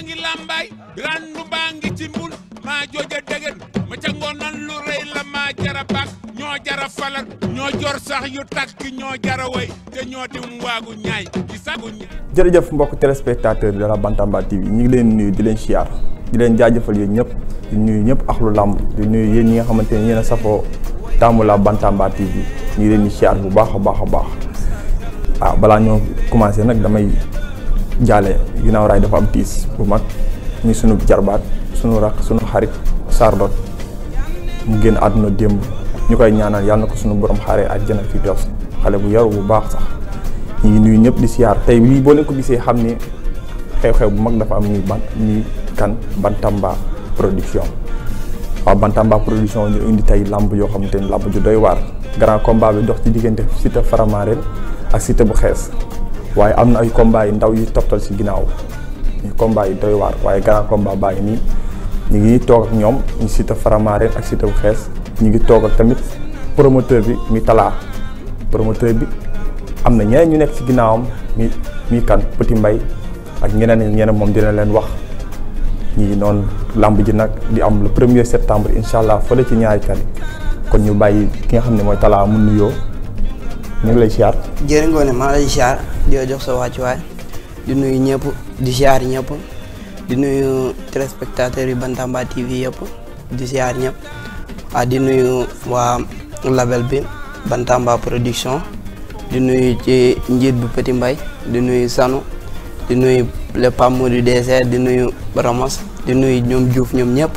baa ngi làmbaay randu baa ngi ci mbul maa jooja degen ma ca ngoonan lu rëy la maa jara ñoo jara falal ñoo jor sax yu takk ñoo jara way te ñoo dim waagu ñaay di jërëjëf mbokk téléspectateur bi la Bantamba TV ñu ngi leen nuyu di leen siyaar di leen jaajëfal yéen ñëpp nuyu ñëpp axlu làmb di nuyu yéen ñi nga xamante ne yéen a safoo taamu la Bantamba TV ñu ngi leen di siyaar bu baax a baax a baax waaw ah, balaa ñoo commencé nag damay jaalee ginnaaw raay dafa am tiis bu mag muy sunu jarbaat sunu rakk sunu xarit Sardot mu génn àdduna démb ñu koy ñaanal yàlla na ko sunu borom xaaree àjjana fi dos xale bu yaru bu baax sax ñu ngi nuyu ñëpp di siyaar tey lii boo leen ko gisee xam ni xew-xew bu mag dafa am ñuy ban ñuy kan Bantamba production waaw Bantamba production ñu indi tey lamb yoo xamante ni lamb ju doy waar grand combat bi dox ci diggante Siteu Faramareen ak Siteu bu xees waaye am na ay combat yu ndaw yu toftal si ginnaaw ñu combat yu doy waar waaye grand combat baa ngi nii ñu ngi toog ak ñoom siita Siteu Faramareen ak Siteu bu xees ñu ngi toog ak tamit promoteur bi mi talaa promoteur bi am na ñeneen ñu nekk si ginnaawam mi mi kan Petit Mbay ak ñeneen ñeneen moom dina leen wax ñi noonu làmb ji nag di am le premier septembre incha allah fële ci ñaari kan kon ñu bàyyi ki nga xam ne mooy Talla mu nuyoo. ñu ngi lay siyaar. jërë ngoone maa lay siyaar di jox sa wàccuwaay di nuyu ñëpp di siyaar ñëpp di nuyu téléspectateurs yu Bantamba TV yëpp di siyaar ñëpp waa di nuyu waa label bi Bantamba production di nuyu ci njiit bu Petit Mbay di nuyu Sanu di nuyu le PAM du désert di nuyu Ramos di nuyu ñoom Diouf ñoom ñëpp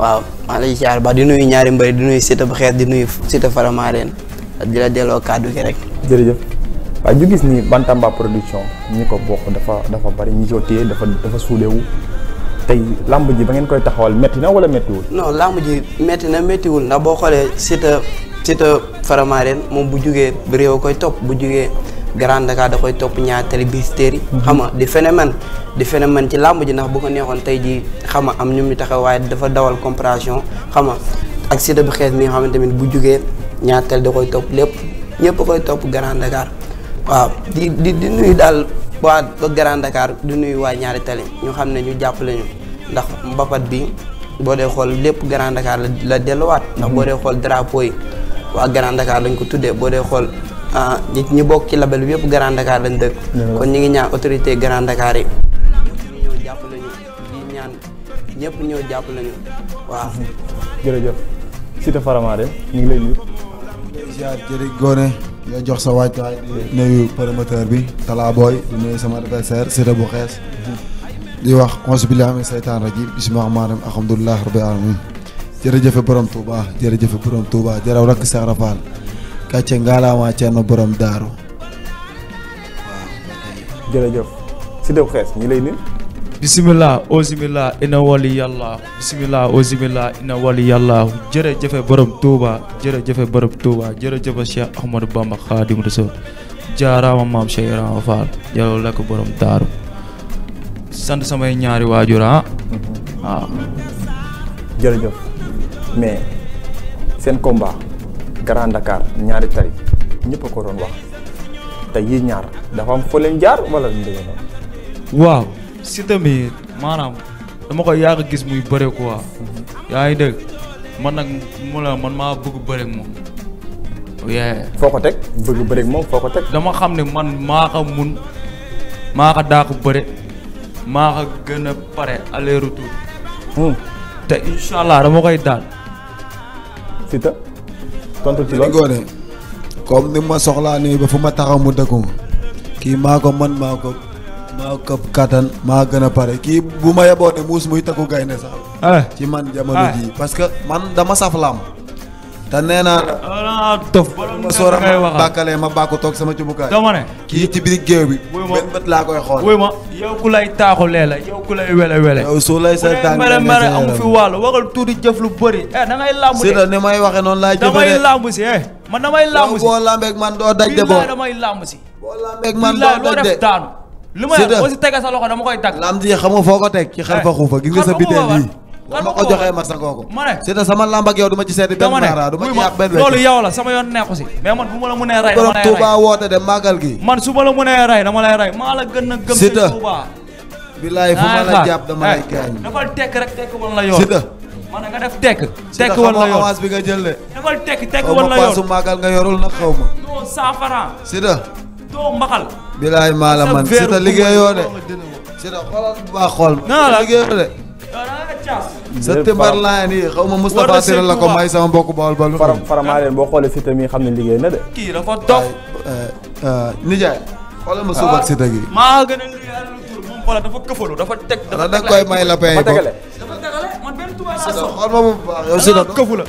waaw maa lay siyaar ba di nuyu ñaari mbëri di nuyu Siteu bu xees di nuyu Siteu Faramareen di la delloo kàddu gi rek. jërëjëf waaye ñu gis ni Bantamba production ñi ko bokk dafa dafa bari ñu ko téye dafa dafa suudewu tey làmb ji ba ngeen koy taxawal métti na wala méttiwul. non làmb ji métti na méttiwul ndax boo xoolee Siteu Siteu Faramaren moom bu jugee réew koy topp bu jugee Grand Dakar da koy topp ñaatali bis téeri di phénomène di phénomène ci làmb ji ndax boo ko neexoon tey ji xam nga am ñoom mu taxaw waaye dafa dawal comparaison xam nga ak bu xees mi nga xamante ne bu jugee. ñaateel da koy topp lépp ñëpp koy topp Grand Dakar waaw di di di nuyu daal waa Grand Dakar di nuyu waa ñaari tali ñu xam ne ñu jàppale ñu ndax mbapat bi boo dee xool lépp Grand Dakar la la delluwaat. ndax boo dee xool drapeau yi ko tuddee boo dee xool ah, ñi ñi bokk ci label bi yëpp Grand Dakar lañ dëkk. kon ñu ngi autorité Grand Dakar yi. ñëw jàpp ñu ñëpp ñëw jàppale ñu waaw. ziar jëri góone nga jox sa waajtaay di nuyu bi Talla Boy di sama adversaire Siteu bu xees di wax bi billahi amee seytaan rajim bismillahi rahmaani rahim alhamdulilah rabbil alamin jërëjëfe borom Touba jërëjëfe borom Touba jaraw rakk Seex Rafaal kàcce ngaalaamaa Ceerno borom daaru waaw jërëjëf Siteu bu xees ñi lay nuyu bisimilah osimila ina wali yàlla bisimilah osimila ina wali yàlla jërëjëfe borom Touba jërëjëfe borom Touba jërëjëfe Cheikh Ahmadou Bamba Xaadimu Rasuul jaaraama maam Cheikh Ibrahima Fall yàlla borom taaru sant samay ñaari waajur ah waaw ah. jërëjëf mais seen combat Grand Dakar ñaari tari ñëpp ko doon wax te ñaar dafa am foo leen jaar wala ñu waaw Siteu bi maanaam dama koy yàgg gis muy bëre quoi yaa ngi dégg man nag mu la man maa bëgg bëre ak foo ko teg bëgg bëre ak dama xam ne man maa ko mun maa ko daa ko bëre maa ko gën pare aller retour. Hmm. te incha dama koy daal. Siteu tontu ci loolu ni ma soxlaa nii ba fu ma taxaw mu dëkku kii maa ko man maa ko. ma këpp kattan maa gën a pare kii bu ma yeboo de muus muy takku gaynde sax. Eh. ci man jamono eh. ji parce que man dama saf lam te nee naa. ah tof ma soora ma bàkkalee ma bàkku toog sama cubukaay. dama ne kii ci bi. la yow ku lay wele wele. yow su lay seetaan mere mere amu fi wàllu waxal eh, de si ni may waxee man doo daj de boo. damay làmb si. man doo daj de. li ma boo si teggee sa loxo dama koy tag lamb ji xam nga foo ko teg ci xar eh, fa xuufa gis nga sa biteel yi ma ko joxee mag sa kooku ma ne c'est sama lamb ak yow du ci seeti benn dara du ci yàq benn loolu yow la sama yoon nekku si mais man bu ma la mënee rey borom Touba woote de màggal gi man su ma la mënee rey dama lay rey maa la gën a gëm Siteu Touba bilaay fu ma la jàpp dama lay eh, gaañ dafal tekk rek tekk woon la yoon Siteu man nga def tekk tekk woon la yoon avance bi nga jël de dafal tekk tekk woon la yoon xaw doo mbaxal. bilaay maa la man si ta liggéeyoo de. si ta bu baax xool. naa liggéeyoo de. sa timbar laa xaw ma Moustapha Sire la ko may sama mbokku Bawol Bawol. faram faramaa leen boo xoolee Siteu mi xam ne liggéey na de. kii dafa dof. Eh, eh, nijaay. xoolal ma suuf ak ah, Siteu gi. maa gën a liggéey àll bi da koy may la pay. dafa tegale man ma bu baax yow Siteu këfu la.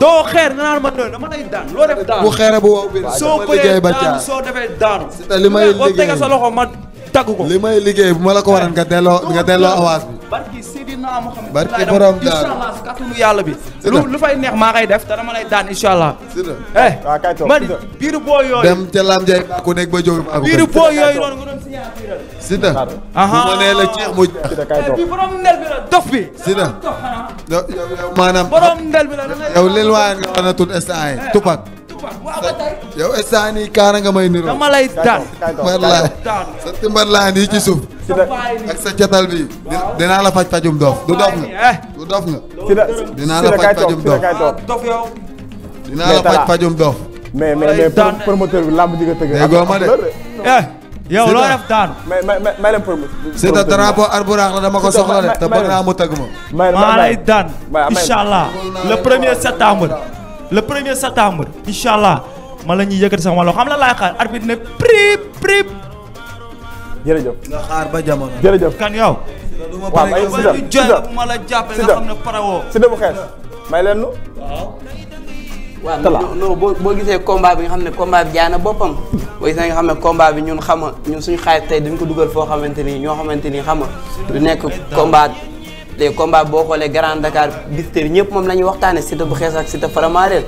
doo xeer nga naan ma noonu dama lay daan loo def daanu bu xeere bu wow bi soo bëree daanu soo defee daanu li may liggéey ba teg sa ko li may liggéey bu ma la ko waran nga delloo nga delloo avance bi barki Seydina Mohamed barki bi lu lu fay neex maa koy def te dama lay daan incha allah eh ah, man biiru boo yooyu dem ca lam jaay ku nekk ba jóor biiru boo yooyu Siteu. bu ma nee la jeex mu jeex. bi borom ndel bi la dof bi. Siteu. la yow lil waa nga war a tudd instant yi Tupac. yow instant nii kaara nga may niroo. dama lay daan mbarlaan sa timbarlaan yi ci suuf. ak sa catal bi. dinaa la faj fajum doof du doof nga. Eh. dinaa la faj fajum doof. dinaa la faj fajum doof. yow loo def daanu. may may may leen përmu. c'est que drapeau arbouraax la dama ko soxla de te bëgg naa mu tëgg ma. maa lay daan incha allah le premier septembre. le premier septembre incha allah ma la ñuy yëkkati sama loo xam la laay xaar arbitre ne prip prip. jërëjëf. nga xaar ba jamono. jërëjëf kan yow. waaw may ma la jàppee nga xam ne parawoo. si dëbu xees may leen nu. talaa waaw non boo boo gisee combat bi nga xam ne combat bi jaana boppam. boo gisee nga xam ne combat bi ñun xama ñun suñu xaalis tey dañ ko dugal foo xamante ni ñoo xamante ni xama du nekk combat les combats boo xoolee Grand Dakar bisteri ñëpp moom la ñuy waxtaane Siteu bu xees ak Siteu Faramareen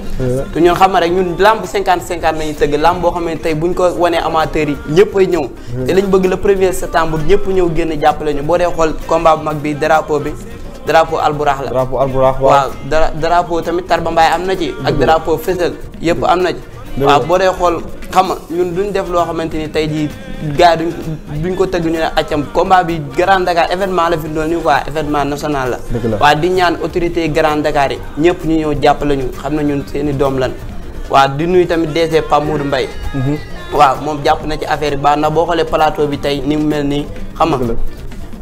te ñun xama rek ñun lamb cinquante cinquante nañu tëgg lamb boo xam ne tey buñ ko wanee amateurs yi ñëpp ay ñëw te lañ bëgg la premier septembre ñëpp ñëw génn jàpp ñu boo dee xool combat bu mag bi drapeau bi drapeau alburax la drapeau alburax waaw drapeau tamit tarba mbaay am na ci ak drapeau fësal yëpp am na ci waaw boo dee xool xam nga ñun duñ def loo xamante ni tey jii gars yi duñ ko tëgg ñu ne accam combat bi Grand Dakar événement la fi doon nii quoi événement national la waaw di ñaan autorité Grand Dakar yi ñëpp ñu ñëw jàppale ñu xam na ñun seen i doom lan waaw di nuyu tamit DC Pamour mbay mhm. waaw moom jàpp na ci affaire yi baax na boo xoolee plateau bi tey ni mu mel nii xam nga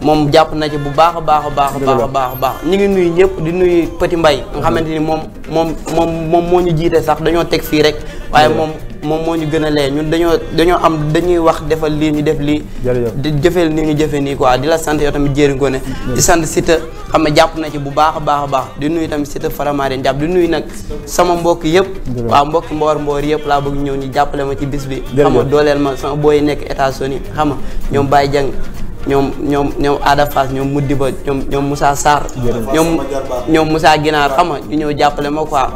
moom jàpp na ci bu baax a baax a baax a baax a baax ñu ngi nuyu ñëpp di nuyu Petit mbay nga xamante ni moom moom moom moom moo ñu jiite sax dañoo teg fii rek waaye moom moom moo ñu gën a lee ñun dañoo dañoo am dañuy wax defal lii ñu def lii di jëfeel ni ñu jëfe di la sant yow tamit Jéeri sant Sita xam ne jàpp na ci bu baax a baax a baax di nuyu tamit Sita Faramaren jàpp di nuyu nag sama mbokk yëpp waaw mbokk mboor mboor yëpp laa bëgg ñëw ñu jàppale ma ci bis bi xam nga dooleel ma sama booy nekk États-Unis xam nga ñoom baay Jang ñoom ñoom ñoom Ada Fass ñoom Modibo ñoom ñoom Moussa Sarr. ñoom ñoom Moussa Ginaar ama ñu ñëw jàppale ma quoi.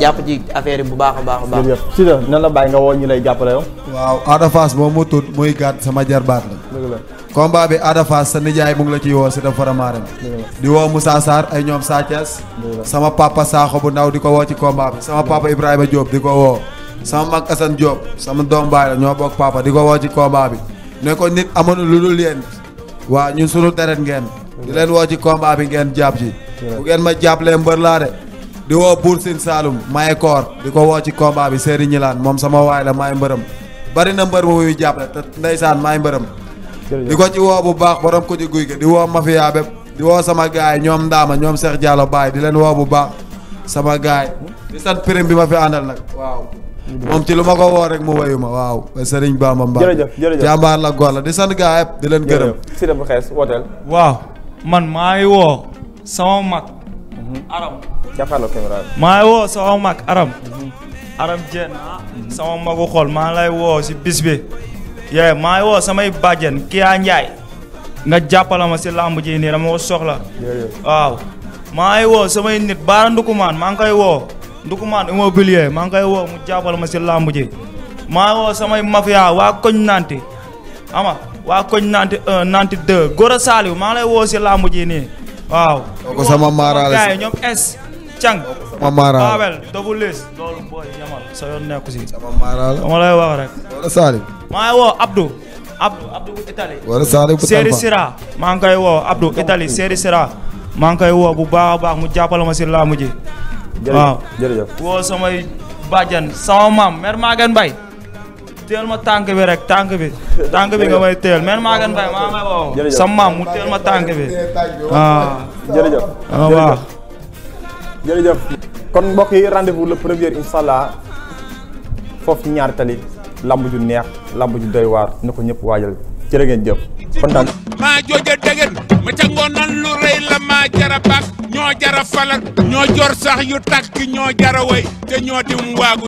jàpp ci affaire bu baax a baax a baax. si la nan la bàyyi nga woo ñu lay jàppale yow. waaw Ada Fass moom moo tudd muy gàtt sama jarbaat la. dëgg la combat bi Ada sa nijaay mu ngi la ciy woo si dafa ramaarem. di woo Moussa saar ay ñoom Sa Thiès. sama papa Sakho bu ndaw di ko woo ci combat bi sama papa Ibrahima Diop di ko woo. sama mag Assane Diop sama doom baay la ñoo bokk papa di ko woo ci combat waaw ñu sunu deret ngeen di leen woo ci combat bi ngeen jàpp ci bu ngeen ma jàppalee mbër laa de di woo buur Sine saalum maye koor di ko woo ci combat bi Serigne Ñilaan moom sama waay la maay mbërëm bari na mbër moomuyu jàppale te ndeysaan maay mbërëm di ko ci woo bu baax borom ko ci guy gi di woo mafia bépp di woo sama gaay ñoom Ndaama ñoom seex Diallo Baye di leen woo bu baax sama gaay di sant prime bi ma fi àndal nag waaw moom ci lu ma ko woo rek mu wayu ma waaw Serigne Bamba Mbacke jërëjëf jërëjëf jàmbaar la góor la di sant gaa yëpp di leen gërëm si dafa xees waaw man maa ngi mhm. woo sama mag aram jàkkaarloo mag aram aram Dieng mhm. sama magu xol maa lay woo si bis bi yee maa woo samay bàjjen Kia Ndiaye nga jàppale ma si làmb ji nii dama ko soxla waaw maa ngi woo samay nit baara ndukumaan maa ngi koy woo Ndukumaan immobilier maa ngi koy woo mu jàppal ma si làmb ji maa woo samay mafia waa koñ nanti ama waa koñ nanti un Gora Saliou maa ngi lay woo si waaw. sama maaraale sama maaraale Babel ma rek. maa ngi woo Itali. Gora Saliou ku Seri maa ngi koy woo Abdou Itali Seri Sira maa ngi koy woo bu baax baax mu jàppal ma si waaw jërëjëf woo samay bàjjan sama maam mère Maguette Mbaye teel ma tànk bi rek tànk bi tànk bi nga may teel mère Maguette Mbaye maa may woo sama maam mu teel ma tànk bi waaw jërëjëf ah, kon mbokk yi rendez-vous le premier incha allah ñaar tali lamb ju neex lamb ju doy waar na ko ñëpp waajal jërë jëf kontaan maa jooja dégg ma ca ngoonan lu rëy la maa jara baax ñoo jara falal ñoo jor sax yu takk ñoo jara way te ñoo dim waagu